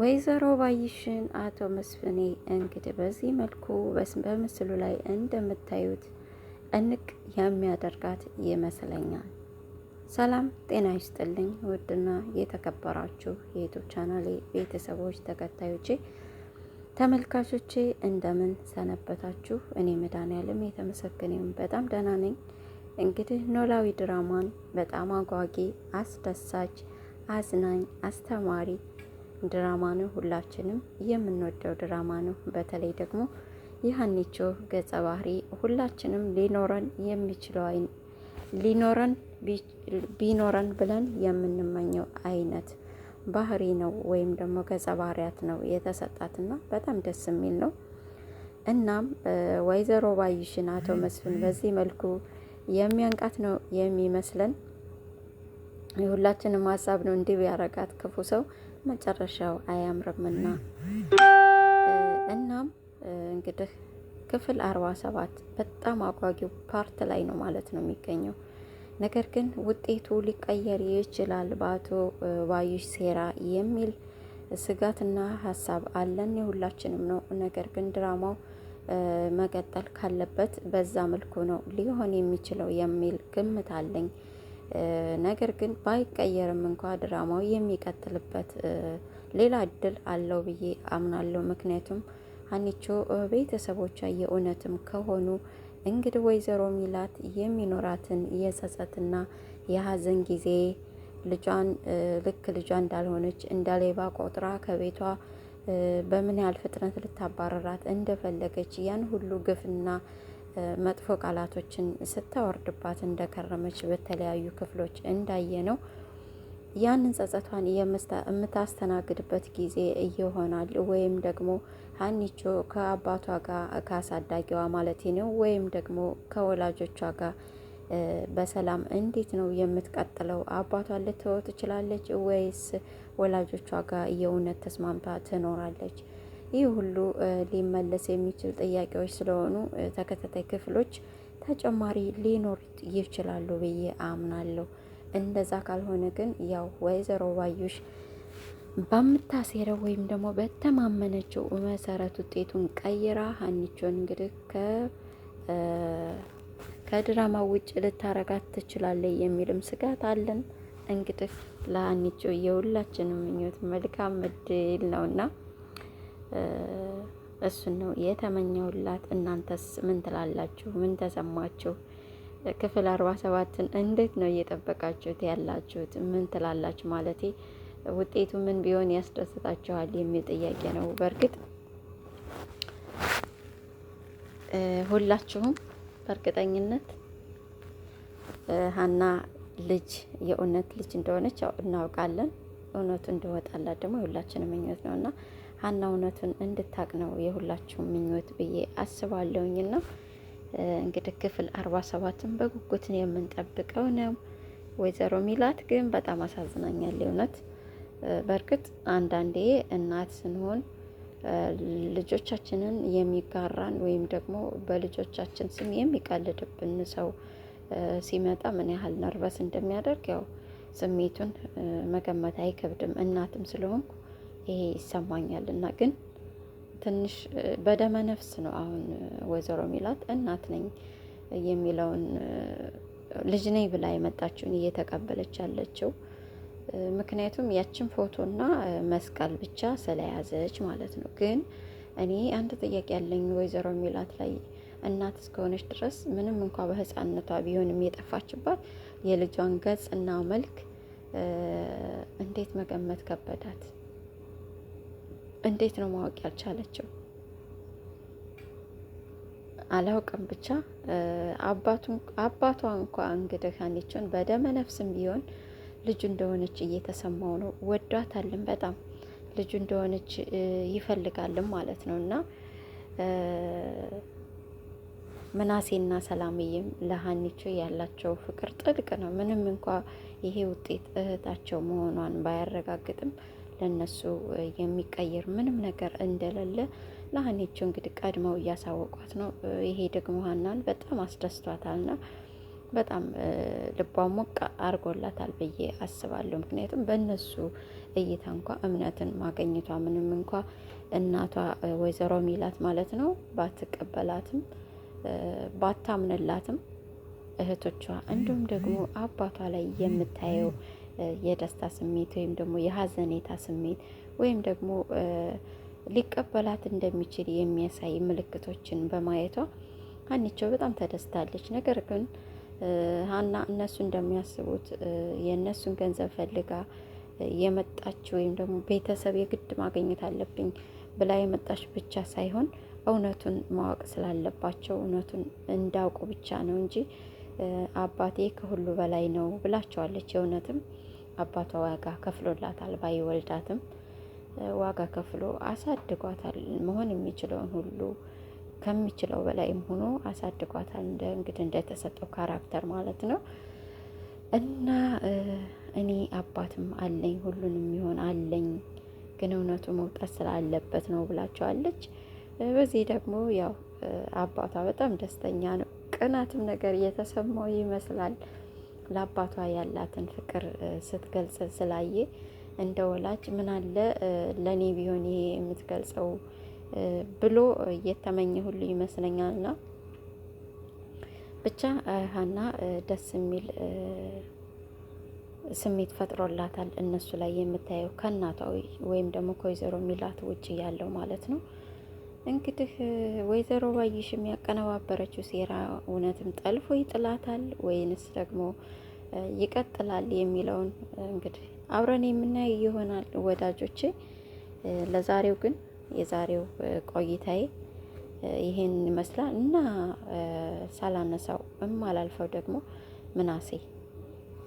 ወይዘሮ ባይሽን አቶ መስፍኔ እንግዲህ በዚህ መልኩ በምስሉ ላይ እንደምታዩት እንቅ የሚያደርጋት ይመስለኛል። ሰላም ጤና ይስጥልኝ ውድና የተከበራችሁ የዩቱብ ቻናሌ ቤተሰቦች ተከታዮቼ ተመልካቾቼ እንደምን ሰነበታችሁ? እኔ መድኃኒዓለም የተመሰገነውን በጣም ደህና ነኝ። እንግዲህ ኖላዊ ድራማን በጣም አጓጊ፣ አስደሳች፣ አዝናኝ፣ አስተማሪ ድራማ ነው። ሁላችንም የምንወደው ድራማ ነው። በተለይ ደግሞ የሀኒቾ ገጸ ባህሪ ሁላችንም ሊኖረን የሚችለው ሊኖረን ቢኖረን ብለን የምንመኘው አይነት ባህሪ ነው ወይም ደግሞ ገጸ ባህሪያት ነው የተሰጣትና በጣም ደስ የሚል ነው። እናም ወይዘሮ ባይሽን አቶ መስፍን በዚህ መልኩ የሚያንቃት ነው የሚመስለን። የሁላችንም ሀሳብ ነው እንዲህ ያረጋት ክፉ ሰው መጨረሻው አያምርምና እናም እንግዲህ ክፍል አርባ ሰባት በጣም አጓጊው ፓርት ላይ ነው ማለት ነው የሚገኘው። ነገር ግን ውጤቱ ሊቀየር ይችላል በአቶ ባዩሽ ሴራ የሚል ስጋትና ሀሳብ አለን የሁላችንም ነው። ነገር ግን ድራማው መቀጠል ካለበት በዛ መልኩ ነው ሊሆን የሚችለው የሚል ግምት አለኝ። ነገር ግን ባይቀየርም እንኳ ድራማው የሚቀጥልበት ሌላ እድል አለው ብዬ አምናለሁ። ምክንያቱም ሀኒቾ ቤተሰቦቿ የእውነትም ከሆኑ እንግዲህ ወይዘሮ ሚላት የሚኖራትን የጸጸትና የሀዘን ጊዜ ልጇን ልክ ልጇ እንዳልሆነች ሌባ ቆጥራ ከቤቷ በምን ያህል ፍጥነት ልታባረራት እንደፈለገች ያን ሁሉ ግፍና መጥፎ ቃላቶችን ስታወርድባት እንደከረመች በተለያዩ ክፍሎች እንዳየ ነው። ያንን ጸጸቷን የምታስተናግድበት ጊዜ ይሆናል። ወይም ደግሞ ሀኒቾ ከአባቷ ጋር ከአሳዳጊዋ ማለት ነው ወይም ደግሞ ከወላጆቿ ጋር በሰላም እንዴት ነው የምትቀጥለው? አባቷን ልትወ ትችላለች ወይስ ወላጆቿ ጋር የእውነት ተስማምታ ትኖራለች? ይህ ሁሉ ሊመለስ የሚችል ጥያቄዎች ስለሆኑ ተከታታይ ክፍሎች ተጨማሪ ሊኖር ይችላሉ ብዬ አምናለሁ። እንደዛ ካልሆነ ግን ያው ወይዘሮ ባዩሽ በምታሴረው ወይም ደግሞ በተማመነችው መሰረት ውጤቱን ቀይራ ሀኒቾን እንግዲህ ከድራማ ውጭ ልታረጋት ትችላለች የሚልም ስጋት አለን። እንግዲህ ለሀኒቾ የሁላችንም ምኞት መልካም እድል ነውና እሱን ነው የተመኘውላት። እናንተስ ምን ትላላችሁ? ምን ተሰማችሁ? ክፍል አርባ ሰባትን እንዴት ነው እየጠበቃችሁት ያላችሁት? ምን ትላላችሁ? ማለቴ ውጤቱ ምን ቢሆን ያስደስታችኋል የሚል ጥያቄ ነው። በእርግጥ ሁላችሁም በእርግጠኝነት ሀና ልጅ የእውነት ልጅ እንደሆነች እናውቃለን። እውነቱ እንደወጣላት ደግሞ የሁላችን ምኞት ነው እና ሀና እውነቱን እንድታቅ ነው የሁላችሁም ምኞት ብዬ አስባለሁኝና እንግዲህ ክፍል አርባ ሰባትን በጉጉትን የምንጠብቀው ነው። ወይዘሮ ሚላት ግን በጣም አሳዝናኛል እውነት። በእርግጥ አንዳንዴ እናት ስንሆን ልጆቻችንን የሚጋራን ወይም ደግሞ በልጆቻችን ስም የሚቀልድብን ሰው ሲመጣ ምን ያህል ነርበስ እንደሚያደርግ ያው ስሜቱን መገመት አይከብድም። እናትም ስለሆንኩ ይሄ ይሰማኛል እና ግን ትንሽ በደመ ነፍስ ነው። አሁን ወይዘሮ ሚላት እናት ነኝ የሚለውን ልጅ ነኝ ብላ የመጣችውን እየተቀበለች ያለችው ምክንያቱም ያችን ፎቶና መስቀል ብቻ ስለያዘች ማለት ነው። ግን እኔ አንድ ጥያቄ ያለኝ ወይዘሮ ሚላት ላይ እናት እስከሆነች ድረስ ምንም እንኳ በህፃንነቷ ቢሆንም የጠፋችባት የልጇን ገጽ እና መልክ እንዴት መገመት ከበዳት? እንዴት ነው ማወቅ ያልቻለችው? አላውቅም ብቻ አባቷ እንኳ እንግዲህ ሀኒቾን በደመ ነፍስም ቢሆን ልጁ እንደሆነች እየተሰማው ነው። ወዷታልም በጣም ልጁ እንደሆነች ይፈልጋልም ማለት ነው። እና ምናሴና ሰላምዬም ለሀኒቾ ያላቸው ፍቅር ጥልቅ ነው። ምንም እንኳ ይሄ ውጤት እህታቸው መሆኗን ባያረጋግጥም ለነሱ የሚቀየር ምንም ነገር እንደሌለ ለሀኔቾ እንግዲህ ቀድመው እያሳወቋት ነው። ይሄ ደግሞ ሀናን በጣም አስደስቷታልና በጣም ልቧ ሞቅ አድርጎላታል ብዬ አስባለሁ። ምክንያቱም በእነሱ እይታ እንኳ እምነትን ማገኘቷ ምንም እንኳ እናቷ ወይዘሮ ሚላት ማለት ነው ባትቀበላትም ባታምንላትም እህቶቿ እንዲሁም ደግሞ አባቷ ላይ የምታየው የደስታ ስሜት ወይም ደግሞ የሀዘኔታ ስሜት ወይም ደግሞ ሊቀበላት እንደሚችል የሚያሳይ ምልክቶችን በማየቷ ሀኒቾ በጣም ተደስታለች። ነገር ግን ሀና እነሱ እንደሚያስቡት የእነሱን ገንዘብ ፈልጋ የመጣች ወይም ደግሞ ቤተሰብ የግድ ማግኘት አለብኝ ብላ የመጣች ብቻ ሳይሆን እውነቱን ማወቅ ስላለባቸው እውነቱን እንዳውቁ ብቻ ነው እንጂ አባቴ ከሁሉ በላይ ነው ብላቸዋለች። የእውነትም አባቷ ዋጋ ከፍሎላታል። ባይወልዳትም ዋጋ ከፍሎ አሳድጓታል። መሆን የሚችለውን ሁሉ ከሚችለው በላይም ሆኖ አሳድጓታል። እንደ እንግዲህ እንደተሰጠው ካራክተር ማለት ነው እና እኔ አባትም አለኝ ሁሉንም የሚሆን አለኝ፣ ግን እውነቱ መውጣት ስላለበት ነው ብላቸዋለች። በዚህ ደግሞ ያው አባቷ በጣም ደስተኛ ነው። ቅናትም ነገር እየተሰማው ይመስላል። ለአባቷ ያላትን ፍቅር ስትገልጽ ስላየ እንደ ወላጅ ምን አለ ለእኔ ቢሆን ይሄ የምትገልጸው ብሎ እየተመኘ ሁሉ ይመስለኛልና ብቻ ሀና ደስ የሚል ስሜት ፈጥሮላታል። እነሱ ላይ የምታየው ከእናቷ ወይም ደግሞ ከወይዘሮ ሚላት ውጭ ያለው ማለት ነው። እንግዲህ ወይዘሮ ባይሽ የሚያቀነባበረችው ሴራ እውነትም ጠልፎ ይጥላታል ወይንስ ደግሞ ይቀጥላል የሚለውን እንግዲህ አብረን የምናየው ይሆናል ወዳጆቼ። ለዛሬው ግን የዛሬው ቆይታዬ ይሄን ይመስላል እና ሳላነሳው እማላልፈው ደግሞ ምናሴ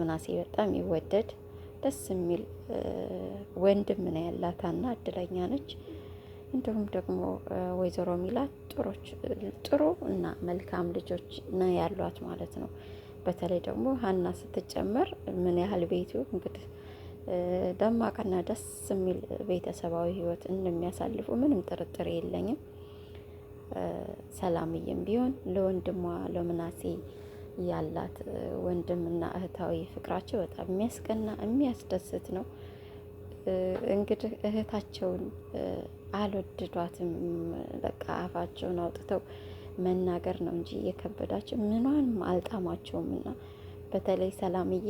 ምናሴ በጣም ይወደድ ደስ የሚል ወንድም ነው ያላታና እድለኛ ነች። እንዲሁም ደግሞ ወይዘሮ ሚላት ጥሮች ጥሩ እና መልካም ልጆች ነው ያሏት ማለት ነው። በተለይ ደግሞ ሀና ስትጨመር ምን ያህል ቤቱ እንግዲህ ደማቅና ደስ የሚል ቤተሰባዊ ህይወት እንደሚያሳልፉ ምንም ጥርጥር የለኝም። ሰላምዬም ቢሆን ለወንድሟ ለምናሴ ያላት ወንድምና እህታዊ ፍቅራቸው በጣም የሚያስቀና የሚያስደስት ነው። እንግዲህ እህታቸውን አልወደዷትም። በቃ አፋቸውን አውጥተው መናገር ነው እንጂ እየከበዳቸው ምኗንም አልጣማቸውም። እና በተለይ ሰላምዬ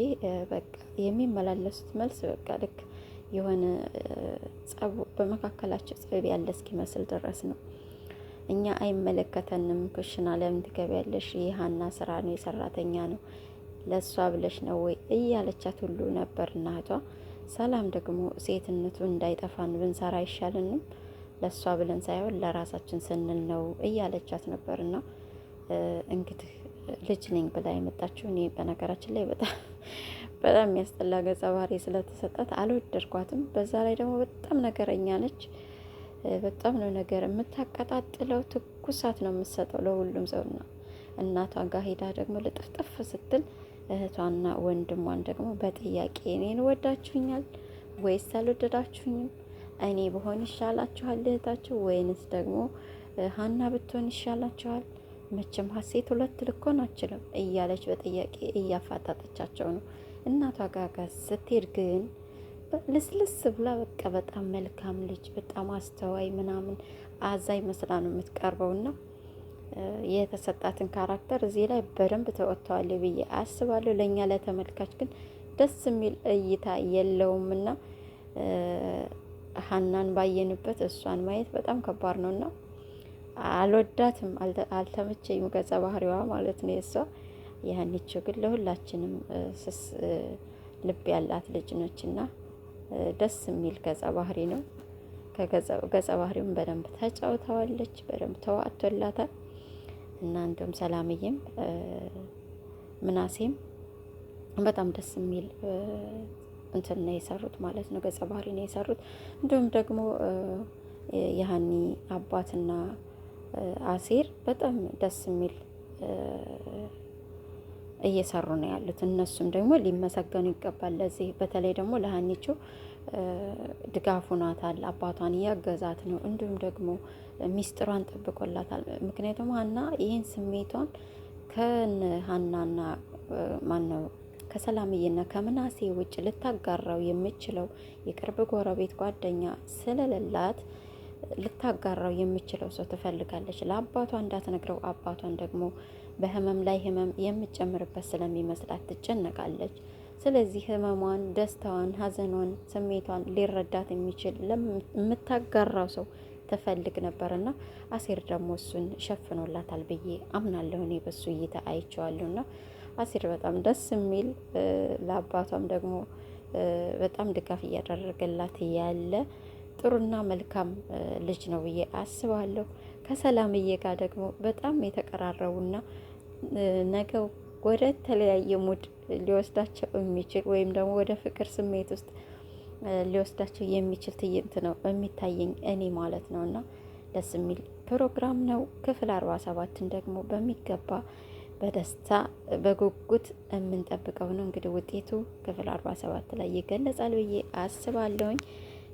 በቃ የሚመላለሱት መልስ በቃ ልክ የሆነ ጸቡ በመካከላቸው ጸብ ያለ እስኪመስል ድረስ ነው። እኛ አይመለከተንም፣ ኩሽና ለምን ትገቢያለሽ? የሀና ስራ ነው፣ የሰራተኛ ነው፣ ለእሷ ብለሽ ነው ወይ እያለቻት ሁሉ ነበር እናቷ ሰላም ደግሞ ሴትነቱ እንዳይጠፋን ብንሰራ አይሻልንም? ለእሷ ብለን ሳይሆን ለራሳችን ስንል ነው እያለቻት ነበርና እንግዲህ ልጅ ነኝ ብላ የመጣችው እኔ በነገራችን ላይ በጣም በጣም የሚያስጠላ ገጸ ባህሪ ስለተሰጣት አልወደድኳትም። በዛ ላይ ደግሞ በጣም ነገረኛ ነች። በጣም ነው ነገር የምታቀጣጥለው። ትኩሳት ነው የምትሰጠው ለሁሉም ሰውና እናቷ ጋር ሄዳ ደግሞ ልጥፍጥፍ ስትል እህቷና ወንድሟን ደግሞ በጥያቄ እኔን ወዳችሁኛል ወይስ አልወደዳችሁኝም? እኔ በሆን ይሻላችኋል እህታችሁ ወይንስ ደግሞ ሀና ብትሆን ይሻላችኋል? መቼም ሀሴት ሁለት ልኮን አችልም እያለች በጥያቄ እያፋጣጠቻቸው ነው። እናቷ ጋጋ ስትሄድ ግን ልስልስ ብላ በቃ በጣም መልካም ልጅ በጣም አስተዋይ ምናምን አዛኝ መስላ ነው ና። የተሰጣትን ካራክተር እዚህ ላይ በደንብ ተወጥተዋል ብዬ አስባለሁ። ለእኛ ለተመልካች ግን ደስ የሚል እይታ የለውም እና ሀናን ባየንበት እሷን ማየት በጣም ከባድ ነውና አልወዳትም፣ አልተመቸኝም ገጸ ባህሪዋ ማለት ነው የእሷ ያህኒቸው ግን ለሁላችንም ስስ ልብ ያላት ልጅ ነች እና ደስ የሚል ገጸ ባህሪ ነው። ከገጸ ባህሪውም በደንብ ተጫውተዋለች፣ በደንብ ተዋቶላታል። እና እንዲሁም ሰላምዬም ምናሴም በጣም ደስ የሚል እንትን ነው የሰሩት ማለት ነው። ገጸ ባህሪ ነው የሰሩት። እንዲሁም ደግሞ የሀኒ አባትና አሴር በጣም ደስ የሚል እየሰሩ ነው ያሉት። እነሱም ደግሞ ሊመሰገኑ ይገባል። ለዚህ በተለይ ደግሞ ለሀኒቹ ድጋፍ ሆኗታል። አባቷን እያገዛት ነው፣ እንዲሁም ደግሞ ሚስጥሯን ጠብቆላታል። ምክንያቱም ሀና ይህን ስሜቷን ከን ሀናና ማነው ከሰላምዬና ከምናሴ ውጭ ልታጋራው የምችለው የቅርብ ጎረቤት ጓደኛ ስለሌላት ልታጋራው የምችለው ሰው ትፈልጋለች። ለአባቷ እንዳትነግረው፣ አባቷን ደግሞ በህመም ላይ ህመም የምጨምርበት ስለሚመስላት ትጨነቃለች። ስለዚህ ህመሟን፣ ደስታዋን፣ ሀዘኗን ስሜቷን ሊረዳት የሚችል የምታጋራው ሰው ትፈልግ ነበርና አሴር ደግሞ እሱን ሸፍኖላታል ብዬ አምናለሁ። እኔ በሱ እይታ አይቼዋለሁና አሴር በጣም ደስ የሚል ለአባቷም ደግሞ በጣም ድጋፍ እያደረገላት ያለ ጥሩና መልካም ልጅ ነው ብዬ አስባለሁ። ከሰላምዬ ጋር ደግሞ በጣም የተቀራረቡና ነገው ወደ ተለያየ ሙድ ሊወስዳቸው የሚችል ወይም ደግሞ ወደ ፍቅር ስሜት ውስጥ ሊወስዳቸው የሚችል ትዕይንት ነው የሚታየኝ እኔ ማለት ነው። እና ደስ የሚል ፕሮግራም ነው። ክፍል አርባ ሰባትን ደግሞ በሚገባ በደስታ በጉጉት የምንጠብቀው ነው። እንግዲህ ውጤቱ ክፍል አርባ ሰባት ላይ ይገለጻል ብዬ አስባለሁኝ።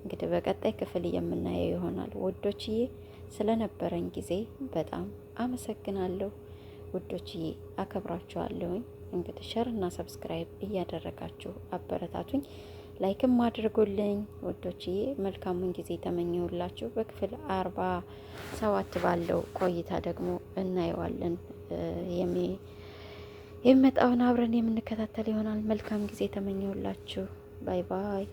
እንግዲህ በቀጣይ ክፍል የምናየው ይሆናል። ውዶችዬ ስለነበረን ጊዜ በጣም አመሰግናለሁ። ውዶችዬ አከብራችኋለሁኝ። እንግዲህ ሸር እና ሰብስክራይብ እያደረጋችሁ አበረታቱኝ፣ ላይክም አድርጉልኝ። ውዶችዬ መልካሙን ጊዜ ተመኘሁላችሁ። በክፍል አርባ ሰባት ባለው ቆይታ ደግሞ እናየዋለን የሚመጣውን አብረን የምንከታተል ይሆናል። መልካም ጊዜ ተመኘሁላችሁ። ባይ ባይ።